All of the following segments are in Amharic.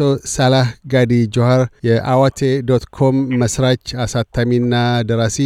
አቶ ሳላህ ጋዲ ጆሃር የአዋቴ ዶት ኮም መስራች አሳታሚና ደራሲ፣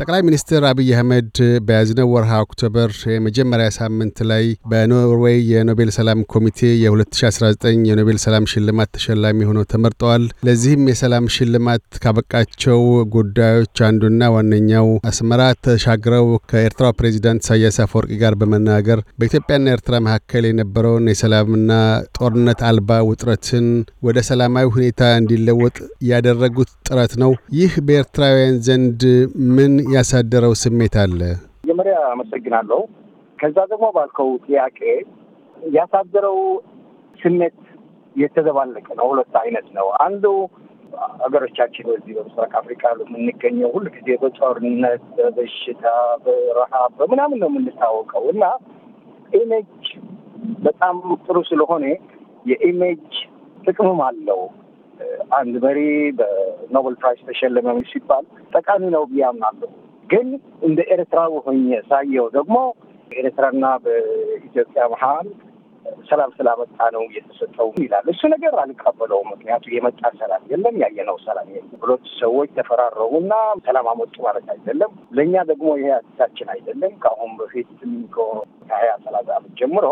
ጠቅላይ ሚኒስትር አብይ አህመድ በያዝነው ወርሃ ኦክቶበር የመጀመሪያ ሳምንት ላይ በኖርዌይ የኖቤል ሰላም ኮሚቴ የ2019 የኖቤል ሰላም ሽልማት ተሸላሚ ሆነው ተመርጠዋል። ለዚህም የሰላም ሽልማት ካበቃቸው ጉዳዮች አንዱና ዋነኛው አስመራ ተሻግረው ከኤርትራው ፕሬዚዳንት ኢሳያስ አፈወርቂ ጋር በመናገር በኢትዮጵያና ኤርትራ መካከል የነበረውን የሰላምና ጦርነት አልባ ውጥረትን ወደ ሰላማዊ ሁኔታ እንዲለወጥ ያደረጉት ጥረት ነው። ይህ በኤርትራውያን ዘንድ ምን ያሳደረው ስሜት አለ? መጀመሪያ አመሰግናለሁ። ከዛ ደግሞ ባልከው ጥያቄ ያሳደረው ስሜት የተዘባለቀ ነው። ሁለት አይነት ነው። አንዱ ሀገሮቻችን በዚህ በምስራቅ አፍሪካ የምንገኘው ሁል ጊዜ በጦርነት፣ በበሽታ፣ በረሃብ በምናምን ነው የምንታወቀው እና ኢሜጅ በጣም ጥሩ ስለሆነ የኢሜጅ ጥቅምም አለው። አንድ በሬ በኖበል ፕራይስ ተሸለመ ሲባል ጠቃሚ ነው ብዬ አምናለሁ። ግን እንደ ኤርትራ ሆኜ ሳየው ደግሞ በኤርትራና በኢትዮጵያ መሀል ሰላም ስላመጣ ነው እየተሰጠው ይላል። እሱ ነገር አልቀበለውም። ምክንያቱ የመጣ ሰላም የለም፣ ያየነው ሰላም የለም። ብሎት ሰዎች ተፈራረሙና ሰላም አመጡ ማለት አይደለም። ለእኛ ደግሞ ይሄ አዲሳችን አይደለም። ከአሁን በፊት ከሀያ ሰላሳ ዓመት ጀምሮ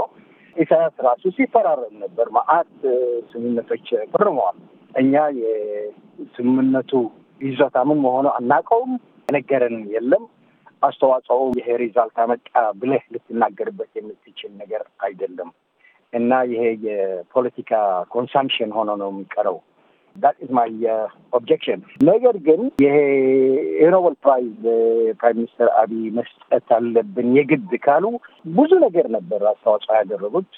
ኢሳያስ ራሱ ሲፈራረም ነበር። መዓት ስምምነቶች ፈርመዋል። እኛ የስምምነቱ ይዘታ ምን መሆኑ አናውቀውም። የነገረንም የለም። አስተዋጽኦ ይሄ ሪዛልት አመጣ ብለህ ልትናገርበት የምትችል ነገር አይደለም እና ይሄ የፖለቲካ ኮንሳምፕሽን ሆኖ ነው የሚቀረው። ዳት ኢዝ ማይ ኦብጀክሽን። ነገር ግን ይሄ የኖበል ፕራይዝ ፕራይም ሚኒስትር አብይ መስጠት አለብን የግድ ካሉ ብዙ ነገር ነበር አስተዋጽኦ ያደረጉት።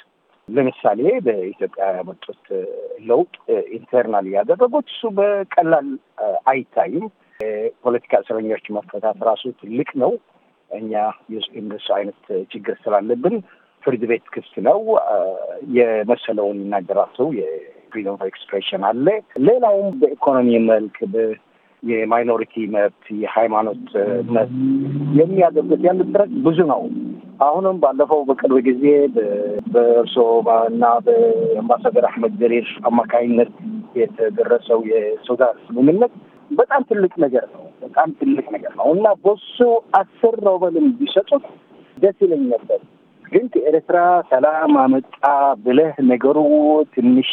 ለምሳሌ በኢትዮጵያ ያመጡት ለውጥ ኢንተርናል ያደረጉት እሱ በቀላል አይታይም። የፖለቲካ እስረኞች መፈታት ራሱ ትልቅ ነው። እኛ እንደሱ አይነት ችግር ስላለብን ፍርድ ቤት ክፍት ነው የመሰለውን ይናገራል ሰው ፍሪደም ኦፍ ኤክስፕሬሽን አለ። ሌላውም በኢኮኖሚ መልክ የማይኖሪቲ መብት፣ የሃይማኖት መብት የሚያደርጉት ያሉት ጥረት ብዙ ነው። አሁንም ባለፈው በቅርብ ጊዜ በእርሶ እና በአምባሳደር አህመድ ዘሪር አማካኝነት የተደረሰው የሱዳን ስምምነት በጣም ትልቅ ነገር ነው። በጣም ትልቅ ነገር ነው እና በሱ አስር ሮበልን ቢሰጡት ደስ ይለኝ ነበር። ግን ከኤርትራ ሰላም አመጣ ብለህ ነገሩ ትንሽ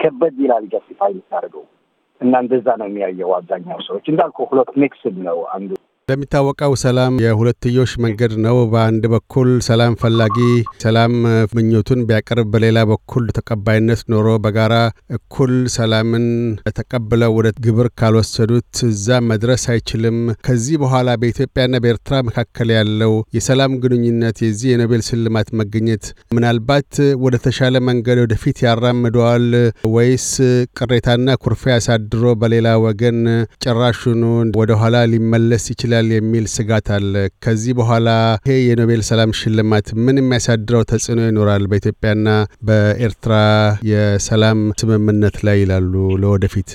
ከበድ ይላል ጀስቲፋይ የምታደርገው እና እንደዛ ነው የሚያየው አብዛኛው ሰዎች እንዳልኩ ሁለት ሚክስድ ነው አንዱ እንደሚታወቀው ሰላም የሁለትዮሽ መንገድ ነው። በአንድ በኩል ሰላም ፈላጊ ሰላም ምኞቱን ቢያቀርብ፣ በሌላ በኩል ተቀባይነት ኖሮ በጋራ እኩል ሰላምን ተቀብለው ወደ ግብር ካልወሰዱት እዛ መድረስ አይችልም። ከዚህ በኋላ በኢትዮጵያና በኤርትራ መካከል ያለው የሰላም ግንኙነት የዚህ የኖቤል ሽልማት መገኘት ምናልባት ወደ ተሻለ መንገድ ወደፊት ያራምደዋል ወይስ ቅሬታና ኩርፊያ አሳድሮ በሌላ ወገን ጭራሹኑ ወደኋላ ሊመለስ ይችላል? ይችላል የሚል ስጋት አለ። ከዚህ በኋላ ይሄ የኖቤል ሰላም ሽልማት ምን የሚያሳድረው ተጽዕኖ ይኖራል በኢትዮጵያና በኤርትራ የሰላም ስምምነት ላይ ይላሉ ለወደፊት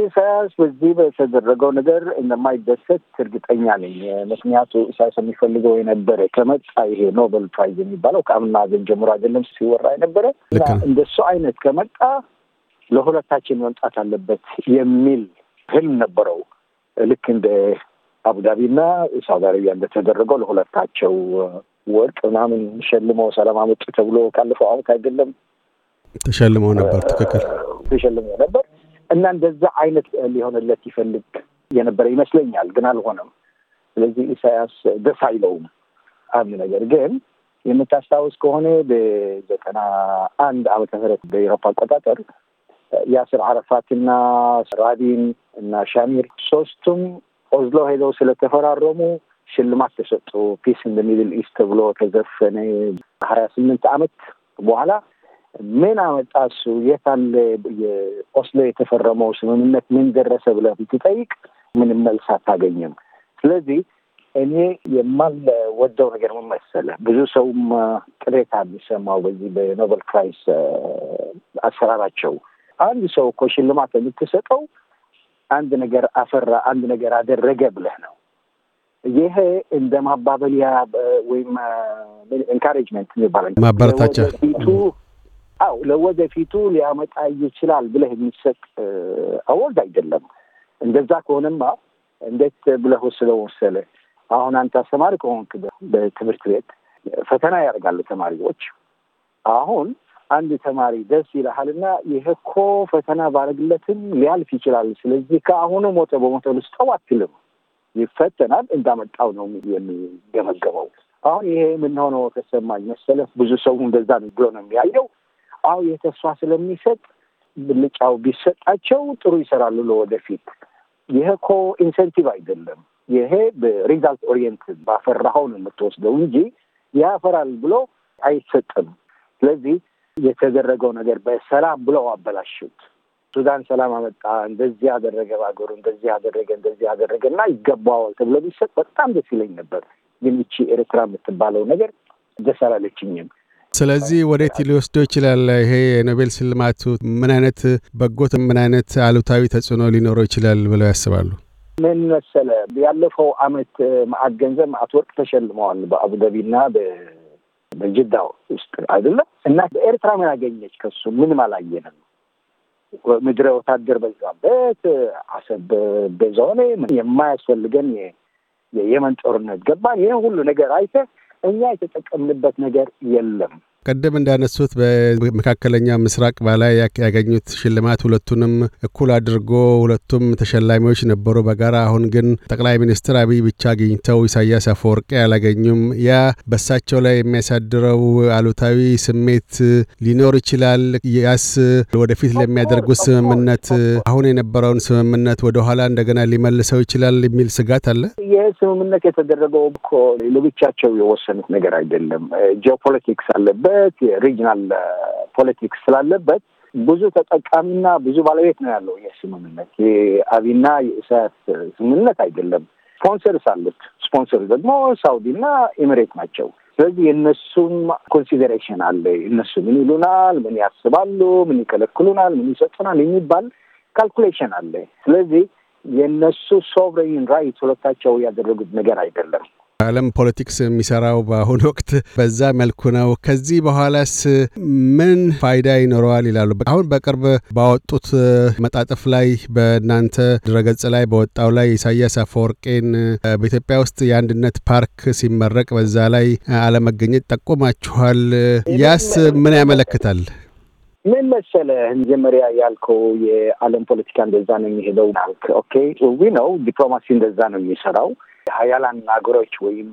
ኢሳያስ በዚህ በተደረገው ነገር እንደማይደሰት እርግጠኛ ነኝ። ምክንያቱ ኢሳያስ የሚፈልገው የነበረ ከመጣ ይሄ ኖበል ፕራይዝ የሚባለው ከአምና ዘን ጀምሮ አይደለም ሲወራ የነበረ እንደሱ አይነት ከመጣ ለሁለታችን መምጣት አለበት የሚል ህልም ነበረው ልክ እንደ አቡዳቢና ሳውዲ አረቢያ እንደተደረገው ለሁለታቸው ወርቅ ምናምን ሸልመው ሰላም አመጡ ተብሎ ካለፈው አመት አይደለም ተሸልመው ነበር። ትክክል ተሸልመው ነበር እና እንደዛ አይነት ሊሆንለት ይፈልግ የነበረ ይመስለኛል፣ ግን አልሆነም። ስለዚህ ኢሳያስ ደስ አይለውም አንድ ነገር ግን የምታስታውስ ከሆነ በዘጠና አንድ ዓመተ ምህረት በኤሮፓ አቆጣጠር ያስር አረፋትና ራቢን እና ሻሚር ሶስቱም ኦዝሎ ሄደው ስለተፈራረሙ ሽልማት ተሰጡ። ፒስ እንደ ሚድል ኢስት ተብሎ ተዘፈነ። ሀያ ስምንት ዓመት በኋላ ምን አመጣ እሱ የት አለ ኦስሎ የተፈረመው ስምምነት ምን ደረሰ ብለ ብትጠይቅ ምንም መልስ አታገኝም። ስለዚህ እኔ የማልወደው ነገር ምን ብዙ ሰውም ቅሬታ የሚሰማው በዚህ በኖበል ፕራይስ አሰራራቸው አንድ ሰው እኮ ሽልማት የምትሰጠው አንድ ነገር አፈራ አንድ ነገር አደረገ ብለህ ነው። ይሄ እንደ ማባበሊያ ወይም ኢንካሬጅመንት የሚባለው ማበረታቻ ለወደፊቱ አው ለወደፊቱ ሊያመጣ ይችላል ብለህ የሚሰጥ አወርድ አይደለም። እንደዛ ከሆነማ እንዴት ብለህ ወሰለ አሁን አንተ አስተማሪ ከሆንክ በትምህርት ቤት ፈተና ያደርጋሉ ተማሪዎች አሁን አንድ ተማሪ ደስ ይልሃልና ይህ እኮ ፈተና ባረግለትም ሊያልፍ ይችላል። ስለዚህ ከአሁኑ ሞተ በሞተ ልስጠው አትልም። ይፈተናል እንዳመጣው ነው የሚገመገመው። አሁን ይሄ የምንሆነው ከሰማኝ መሰለ ብዙ ሰው እንደዛ ነው ብሎ ነው የሚያየው። አሁ የተስፋ ስለሚሰጥ ብልጫው ቢሰጣቸው ጥሩ ይሰራሉ ለወደፊት። ይሄ እኮ ኢንሴንቲቭ አይደለም። ይሄ በሪዛልት ኦሪየንት ባፈራኸው ነው የምትወስደው እንጂ ያፈራል ብሎ አይሰጥም። ስለዚህ የተደረገው ነገር በሰላም ብለው አበላሹት። ሱዳን ሰላም አመጣ፣ እንደዚህ ያደረገ በሀገሩ እንደዚህ ያደረገ እንደዚህ አደረገ እና ይገባዋል ተብሎ ቢሰጥ በጣም ደስ ይለኝ ነበር። ግን ይቺ ኤርትራ የምትባለው ነገር ደስ አላለችኝም። ስለዚህ ወዴት ሊወስደው ይችላል? ይሄ የኖቤል ሽልማቱ ምን አይነት በጎት፣ ምን አይነት አሉታዊ ተጽዕኖ ሊኖረው ይችላል ብለው ያስባሉ? ምን መሰለ፣ ያለፈው አመት ማአት ገንዘብ አትወርቅ ተሸልመዋል በአቡዳቢና በጅዳ ውስጥ አይደለ እና በኤርትራ ምን አገኘች ከሱ? ምንም አላየንም። ምድረ ወታደር በዛበት አሰብ በዛሆነ የማያስፈልገን የየመን ጦርነት ገባን። ይህን ሁሉ ነገር አይተ እኛ የተጠቀምንበት ነገር የለም። ቀደም እንዳነሱት በመካከለኛ ምስራቅ በላይ ያገኙት ሽልማት ሁለቱንም እኩል አድርጎ ሁለቱም ተሸላሚዎች ነበሩ በጋራ አሁን ግን ጠቅላይ ሚኒስትር አብይ ብቻ አግኝተው ኢሳያስ አፈወርቂ አላገኙም። ያ በሳቸው ላይ የሚያሳድረው አሉታዊ ስሜት ሊኖር ይችላል። ያስ ወደፊት ለሚያደርጉት ስምምነት አሁን የነበረውን ስምምነት ወደኋላ እንደገና ሊመልሰው ይችላል የሚል ስጋት አለ። ይህ ስምምነት የተደረገው እኮ ለብቻቸው የወሰኑት ነገር አይደለም። ጂኦፖለቲክስ አለበት። ያለበት የሪጅናል ፖለቲክስ ስላለበት ብዙ ተጠቃሚና ብዙ ባለቤት ነው ያለው። የስምምነት የአቢና የኢሳያስ ስምምነት አይደለም። ስፖንሰርስ አሉት። ስፖንሰር ደግሞ ሳውዲና ኤምሬት ናቸው። ስለዚህ የእነሱም ኮንሲደሬሽን አለ። እነሱ ምን ይሉናል፣ ምን ያስባሉ፣ ምን ይከለክሉናል፣ ምን ይሰጡናል የሚባል ካልኩሌሽን አለ። ስለዚህ የእነሱ ሶቨሬን ራይት ሁለታቸው ያደረጉት ነገር አይደለም። ዓለም ፖለቲክስ የሚሰራው በአሁኑ ወቅት በዛ መልኩ ነው። ከዚህ በኋላስ ምን ፋይዳ ይኖረዋል ይላሉ? አሁን በቅርብ ባወጡት መጣጥፍ ላይ በእናንተ ድረገጽ ላይ በወጣው ላይ ኢሳያስ አፈወርቄን በኢትዮጵያ ውስጥ የአንድነት ፓርክ ሲመረቅ በዛ ላይ አለመገኘት ጠቁማችኋል። ያስ ምን ያመለክታል? ምን መሰለህ መጀመሪያ ያልከው የዓለም ፖለቲካ እንደዛ ነው የሚሄደው። ኦኬ ዊ ነው ዲፕሎማሲ እንደዛ ነው የሚሰራው ሀያላን ሀገሮች ወይም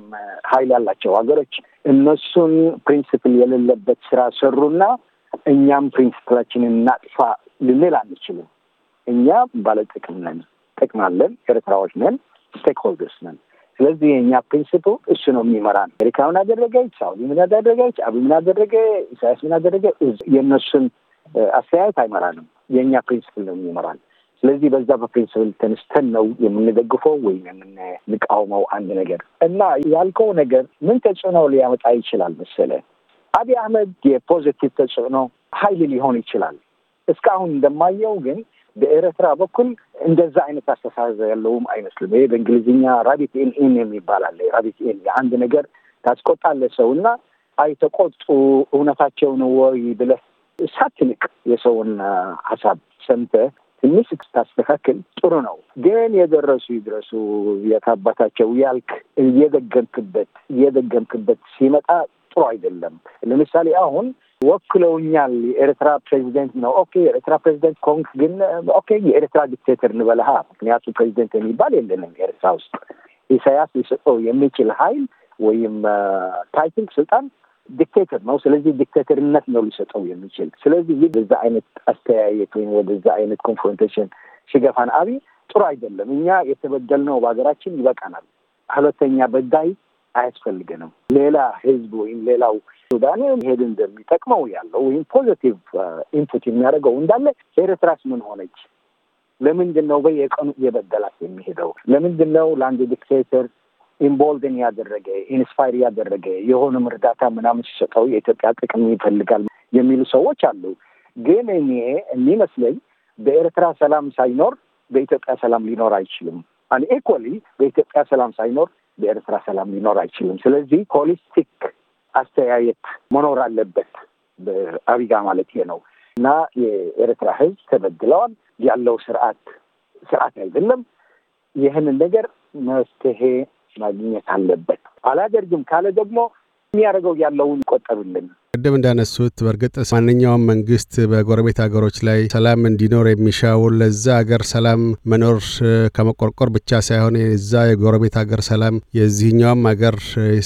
ሀይል ያላቸው ሀገሮች እነሱን ፕሪንስፕል የሌለበት ስራ ሰሩና እኛም ፕሪንስፕላችንን እናጥፋ ልንል አንችልም። እኛ ባለጥቅም ነን፣ ጥቅም አለን፣ ኤርትራዎች ነን፣ ስቴክሆልደርስ ነን። ስለዚህ የእኛ ፕሪንስፕል እሱ ነው የሚመራን። አሜሪካ ምን አደረገች? ሳውዲ ምን አደረገች? አብ ምን አደረገ? ኢሳያስ ምን አደረገ? የእነሱን አስተያየት አይመራንም። የእኛ ፕሪንስፕል ነው የሚመራን። ስለዚህ በዛ በፕሪንስፕል ተነስተን ነው የምንደግፈው ወይም የምንቃውመው አንድ ነገር እና ያልከው ነገር ምን ተጽዕኖ ሊያመጣ ይችላል መሰለ አብይ አህመድ የፖዘቲቭ ተጽዕኖ ሀይል ሊሆን ይችላል። እስካሁን እንደማየው ግን በኤርትራ በኩል እንደዛ አይነት አስተሳሰብ ያለውም አይመስልም። ይሄ በእንግሊዝኛ ራቢት ኤን ኤን የሚባላለ ራቢት ኤን የአንድ ነገር ታስቆጣለ ሰው እና አይተቆጡ እውነታቸውን ወይ ብለህ ሳትንቅ የሰውን ሀሳብ ሰምተህ ትንሽ ስታስተካክል ጥሩ ነው። ግን የደረሱ ይድረሱ የታባታቸው ያልክ እየደገምክበት እየደገምክበት ሲመጣ ጥሩ አይደለም። ለምሳሌ አሁን ወክለውኛል የኤርትራ ፕሬዚደንት ነው። ኦኬ የኤርትራ ፕሬዚደንት ኮንክ ግን ኦኬ የኤርትራ ዲክቴተር እንበለሃ። ምክንያቱ ፕሬዚደንት የሚባል የለንም ኤርትራ ውስጥ ኢሳያስ ሊሰጠው የሚችል ሀይል ወይም ታይትል ስልጣን ዲክቴተር ነው። ስለዚህ ዲክቴተርነት ነው ሊሰጠው የሚችል። ስለዚህ ይህ በዛ አይነት አስተያየት ወይም ወደዛ አይነት ኮንፍሮንቴሽን ሽገፋን አብይ ጥሩ አይደለም። እኛ የተበደልነው በሀገራችን ይበቃናል። ሁለተኛ በዳይ አያስፈልገንም። ሌላ ህዝብ ወይም ሌላው ሱዳን መሄድ እንደሚጠቅመው ያለው ወይም ፖዘቲቭ ኢንፑት uh, የሚያደርገው እንዳለ ኤርትራስ ምን ሆነች? ለምንድን ነው በየቀኑ እየበደላት የሚሄደው? ለምንድን ነው ለአንድ ዲክቴተር ኢንቮልቭን ያደረገ ኢንስፓየር ያደረገ የሆነም እርዳታ ምናምን ሲሰጠው የኢትዮጵያ ጥቅም ይፈልጋል የሚሉ ሰዎች አሉ። ግን እኔ የሚመስለኝ በኤርትራ ሰላም ሳይኖር በኢትዮጵያ ሰላም ሊኖር አይችልም። አን ኢኮሊ በኢትዮጵያ ሰላም ሳይኖር በኤርትራ ሰላም ሊኖር አይችልም። ስለዚህ ሆሊስቲክ አስተያየት መኖር አለበት። በአቢጋ ማለት ነው እና የኤርትራ ሕዝብ ተበድለዋል ያለው ስርዓት ስርዓት አይደለም። ይህንን ነገር መፍትሄ ማግኘት አለበት። አላደርግም ካለ ደግሞ የሚያደርገው ያለውን ይቆጠብልን። ቅድም እንዳነሱት በእርግጥ ማንኛውም መንግስት በጎረቤት ሀገሮች ላይ ሰላም እንዲኖር የሚሻው ለዛ ሀገር ሰላም መኖር ከመቆርቆር ብቻ ሳይሆን የዛ የጎረቤት ሀገር ሰላም የዚህኛውም ሀገር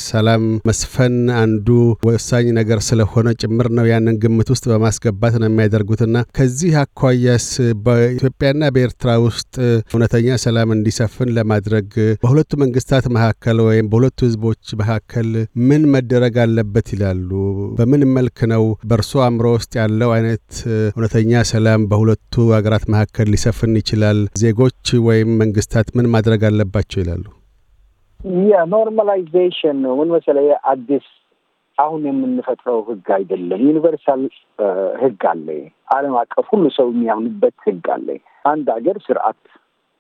ሰላም መስፈን አንዱ ወሳኝ ነገር ስለሆነ ጭምር ነው። ያንን ግምት ውስጥ በማስገባት ነው የሚያደርጉትና ከዚህ አኳያስ በኢትዮጵያና በኤርትራ ውስጥ እውነተኛ ሰላም እንዲሰፍን ለማድረግ በሁለቱ መንግስታት መካከል ወይም በሁለቱ ህዝቦች መካከል ምን መደረግ አለበት ይላሉ? በምን በምን መልክ ነው በእርሶ አእምሮ ውስጥ ያለው አይነት እውነተኛ ሰላም በሁለቱ ሀገራት መካከል ሊሰፍን ይችላል? ዜጎች ወይም መንግስታት ምን ማድረግ አለባቸው ይላሉ? የኖርማላይዜሽን ምን መሰለህ፣ አዲስ አሁን የምንፈጥረው ህግ አይደለም። ዩኒቨርሳል ህግ አለ፣ አለም አቀፍ ሁሉ ሰው የሚያምንበት ህግ አለ። አንድ ሀገር ስርዓት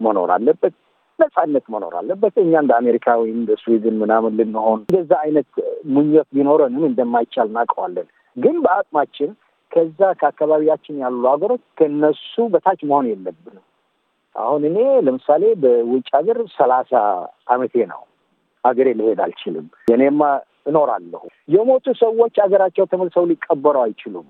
መኖር አለበት። ነጻነት መኖር አለበት። እኛ እንደ አሜሪካዊ እንደ ስዊድን ምናምን ልንሆን እንደዛ አይነት ሙኘት ቢኖረንም እንደማይቻል እናውቀዋለን። ግን በአቅማችን ከዛ ከአካባቢያችን ያሉ ሀገሮች ከነሱ በታች መሆን የለብንም። አሁን እኔ ለምሳሌ በውጭ ሀገር ሰላሳ አመቴ ነው። ሀገሬ ልሄድ አልችልም። እኔማ እኖራለሁ። የሞቱ ሰዎች ሀገራቸው ተመልሰው ሊቀበሩ አይችሉም።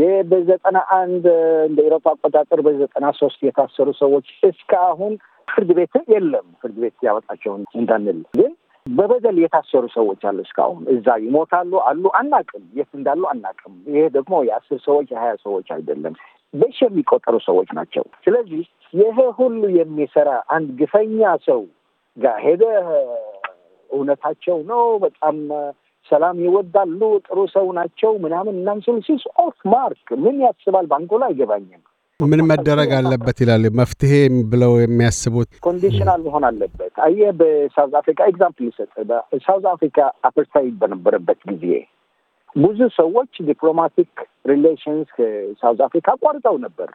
ይህ በዘጠና አንድ እንደ ኤሮፓ አቆጣጠር በዘጠና ሶስት የታሰሩ ሰዎች እስካሁን ፍርድ ቤት የለም ፍርድ ቤት ያወጣቸውን እንዳንል ግን በበደል የታሰሩ ሰዎች አሉ። እስካሁን እዛ ይሞታሉ አሉ አናቅም፣ የት እንዳሉ አናቅም። ይሄ ደግሞ የአስር ሰዎች የሀያ ሰዎች አይደለም፣ በሺ የሚቆጠሩ ሰዎች ናቸው። ስለዚህ ይሄ ሁሉ የሚሰራ አንድ ግፈኛ ሰው ጋር ሄደ እውነታቸው ነው በጣም ሰላም ይወዳሉ ጥሩ ሰው ናቸው ምናምን እናንሱል ሲስ ኦፍ ማርክ ምን ያስባል ባንኩ ላይ አይገባኝም። ምን መደረግ አለበት ይላል መፍትሄ ብለው የሚያስቡት? ኮንዲሽናል መሆን አለበት። አየ በሳውዝ አፍሪካ ኤግዛምፕል ይሰጥ ሳውዝ አፍሪካ አፐርታይድ በነበረበት ጊዜ ብዙ ሰዎች ዲፕሎማቲክ ሪሌሽንስ ከሳውዝ አፍሪካ አቋርጠው ነበር።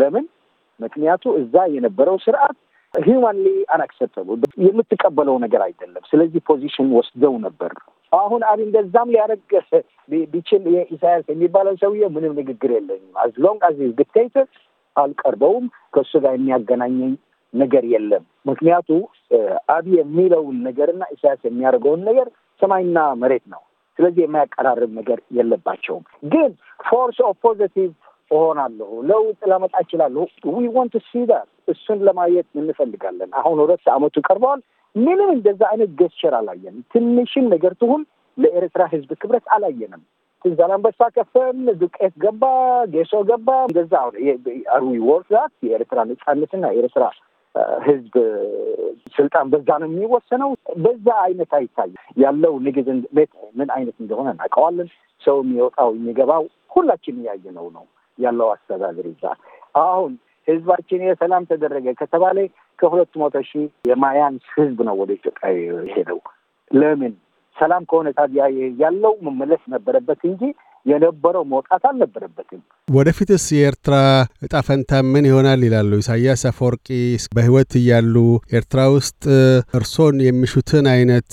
ለምን? ምክንያቱ እዛ የነበረው ስርዓት ሂውማንሊ አንአክሴፕተብል የምትቀበለው ነገር አይደለም። ስለዚህ ፖዚሽን ወስደው ነበር። አሁን አብ እንደዛም ሊያደርግ ቢችል ኢሳያስ የሚባለው ሰውዬ ምንም ንግግር የለኝም። አዝ ሎንግ አዝ ዲክቴተር አልቀርበውም። ከእሱ ጋር የሚያገናኘኝ ነገር የለም። ምክንያቱ አብ የሚለውን ነገርና ኢሳያስ የሚያደርገውን ነገር ሰማይና መሬት ነው። ስለዚህ የማያቀራርብ ነገር የለባቸውም። ግን ፎርስ ኦፍ ፖዘቲቭ እሆናለሁ፣ ለውጥ ላመጣ እችላለሁ። ዊ ወንት ሲ ዳት እሱን ለማየት እንፈልጋለን። አሁን ሁለት ዓመቱ ቀርበዋል። ምንም እንደዛ አይነት ገስቸር አላየንም። ትንሽም ነገር ትሁን ለኤርትራ ህዝብ ክብረት አላየንም። ዛላምበሳ ከፈን፣ ዱቄት ገባ፣ ጌሶ ገባ። እንደዛ አር ዊ ወርት ዛት የኤርትራ ነጻነትና የኤርትራ ህዝብ ስልጣን በዛ ነው የሚወሰነው። በዛ አይነት አይታይ ያለው ንግድ ቤት ምን አይነት እንደሆነ እናውቀዋለን። ሰው የሚወጣው የሚገባው ሁላችን እያየነው ነው ያለው አስተዳደር ይዛ አሁን ህዝባችን የሰላም ተደረገ ከተባለ ከሁለት መቶ ሺህ የማያንስ ህዝብ ነው ወደ ኢትዮጵያ የሄደው። ለምን ሰላም ከሆነ ታዲያ ያለው መመለስ ነበረበት እንጂ የነበረው መውጣት አልነበረበትም። ወደፊትስ የኤርትራ እጣ ፈንታ ምን ይሆናል ይላሉ ኢሳያስ አፈወርቂ በህይወት እያሉ ኤርትራ ውስጥ እርሶን የሚሹትን አይነት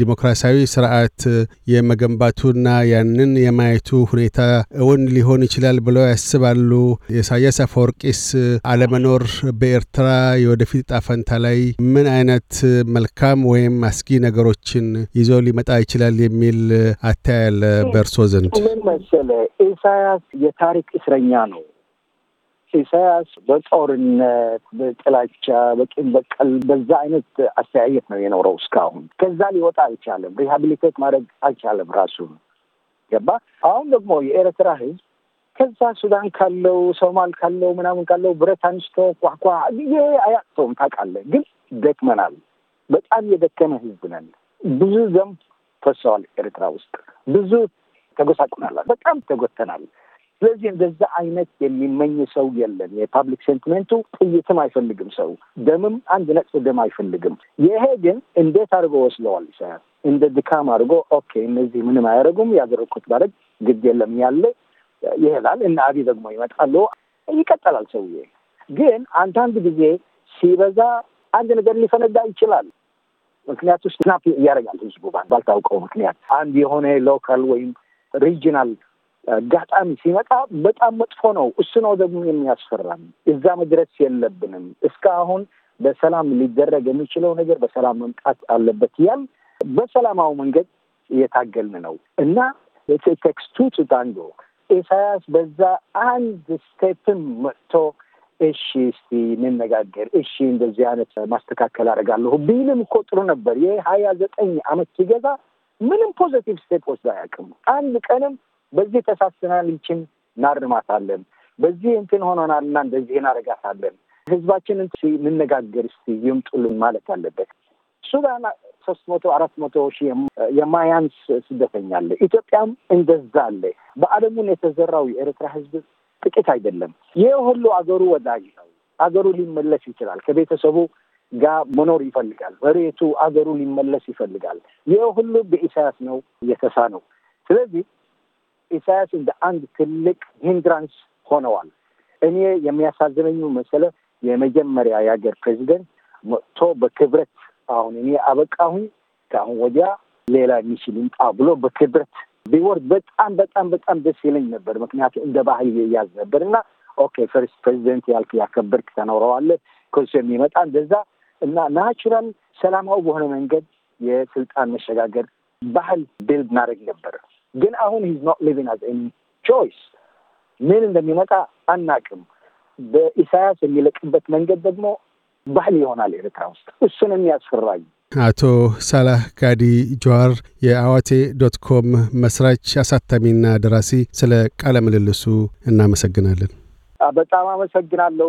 ዲሞክራሲያዊ ስርዓት የመገንባቱና ያንን የማየቱ ሁኔታ እውን ሊሆን ይችላል ብለው ያስባሉ? የኢሳያስ አፈወርቂስ አለመኖር በኤርትራ የወደፊት እጣ ፈንታ ላይ ምን አይነት መልካም ወይም አስጊ ነገሮችን ይዞ ሊመጣ ይችላል የሚል አታያለ በእርሶ ዘንድ? መሰለ ኢሳያስ የታሪክ እስረኛ ነው። ኢሳያስ በጦርነት በጥላቻ፣ በቂም በቀል በዛ አይነት አስተያየት ነው የኖረው እስካሁን። ከዛ ሊወጣ አልቻለም። ሪሃቢሊቴት ማድረግ አልቻለም ራሱን። ገባ። አሁን ደግሞ የኤርትራ ህዝብ ከዛ ሱዳን ካለው ሶማል ካለው ምናምን ካለው ብረት አንስቶ ኳኳ ጊዜ አያቅተውም። ታውቃለህ፣ ግን ደክመናል። በጣም የደከመ ህዝብ ነን። ብዙ ዘንብ ፈሰዋል ኤርትራ ውስጥ ብዙ ተጎሳቁናል፣ በጣም ተጎተናል። ስለዚህ እንደዛ አይነት የሚመኝ ሰው የለም። የፓብሊክ ሴንቲሜንቱ ጥይትም አይፈልግም ሰው፣ ደምም አንድ ነጥብ ደም አይፈልግም። ይሄ ግን እንዴት አድርጎ ወስለዋል ይሰራል እንደ ድካም አድርጎ ኦኬ፣ እነዚህ ምንም አያደርጉም፣ ያደረግኩት ባደርግ ግድ የለም ያለ ይሄላል እና አቢ ደግሞ ይመጣሉ፣ ይቀጠላል። ሰውዬ ግን አንዳንድ ጊዜ ሲበዛ አንድ ነገር ሊፈነዳ ይችላል። ምክንያቱ ስናፕ ያደርጋል ህዝቡ ባልታውቀው ምክንያት አንድ የሆነ ሎካል ወይም ሪጂናል አጋጣሚ ሲመጣ በጣም መጥፎ ነው። እሱ ነው ደግሞ የሚያስፈራም። እዛ መድረስ የለብንም። እስካሁን በሰላም ሊደረግ የሚችለው ነገር በሰላም መምጣት አለበት እያል በሰላማዊ መንገድ እየታገልን ነው እና ቴክስቱ ትታንጎ ኢሳያስ በዛ አንድ ስቴፕን መጥቶ እሺ እስቲ እንነጋገር፣ እሺ እንደዚህ አይነት ማስተካከል አደርጋለሁ ቢልም እኮ ጥሩ ነበር። ይህ ሀያ ዘጠኝ አመት ሲገዛ ምንም ፖዘቲቭ ስቴፕ ወስዶ አያውቅም። አንድ ቀንም በዚህ ተሳስናል፣ ይችን እናርማታለን፣ በዚህ እንትን ሆኖናልና እንደዚህ እናረጋታለን፣ ህዝባችንን እንነጋገር፣ እስቲ ይምጡልን ማለት አለበት። ሱዳን ሶስት መቶ አራት መቶ ሺህ የማያንስ ስደተኛ አለ። ኢትዮጵያም እንደዛ አለ። በዓለሙን የተዘራው የኤርትራ ህዝብ ጥቂት አይደለም። ይህ ሁሉ አገሩ ወዳጅ ነው። አገሩ ሊመለስ ይችላል። ከቤተሰቡ ጋር መኖር ይፈልጋል። መሬቱ አገሩ ሊመለስ ይፈልጋል። ይህ ሁሉ በኢሳያስ ነው እየተሳ ነው። ስለዚህ ኢሳያስ እንደ አንድ ትልቅ ሂንድራንስ ሆነዋል። እኔ የሚያሳዝነኝ መሰለ የመጀመሪያ የሀገር ፕሬዚደንት መጥቶ በክብረት አሁን እኔ አበቃሁኝ ከአሁን ወዲያ ሌላ ሚሽል ይምጣ ብሎ በክብረት ቢወርድ በጣም በጣም በጣም ደስ ይለኝ ነበር። ምክንያቱ እንደ ባህል እያዝ ነበር እና ኦኬ ፈርስት ፕሬዚደንት ያልክ ያከበርክ ተኖረዋለ ከሱ የሚመጣ እንደዛ እና ናቹራል ሰላማዊ በሆነ መንገድ የስልጣን መሸጋገር ባህል ቢልድ ማድረግ ነበር ግን አሁን ሂዝ ኖት ሊቪንግ አዝ ኤኒ ቾይስ ምን እንደሚመጣ አናቅም። በኢሳያስ የሚለቅበት መንገድ ደግሞ ባህል ይሆናል ኤርትራ ውስጥ። እሱን የሚያስፈራኝ አቶ ሳላህ ጋዲ ጀዋር የአዋቴ ዶት ኮም መስራች አሳታሚና ደራሲ፣ ስለ ቃለ ምልልሱ እናመሰግናለን። በጣም አመሰግናለሁ።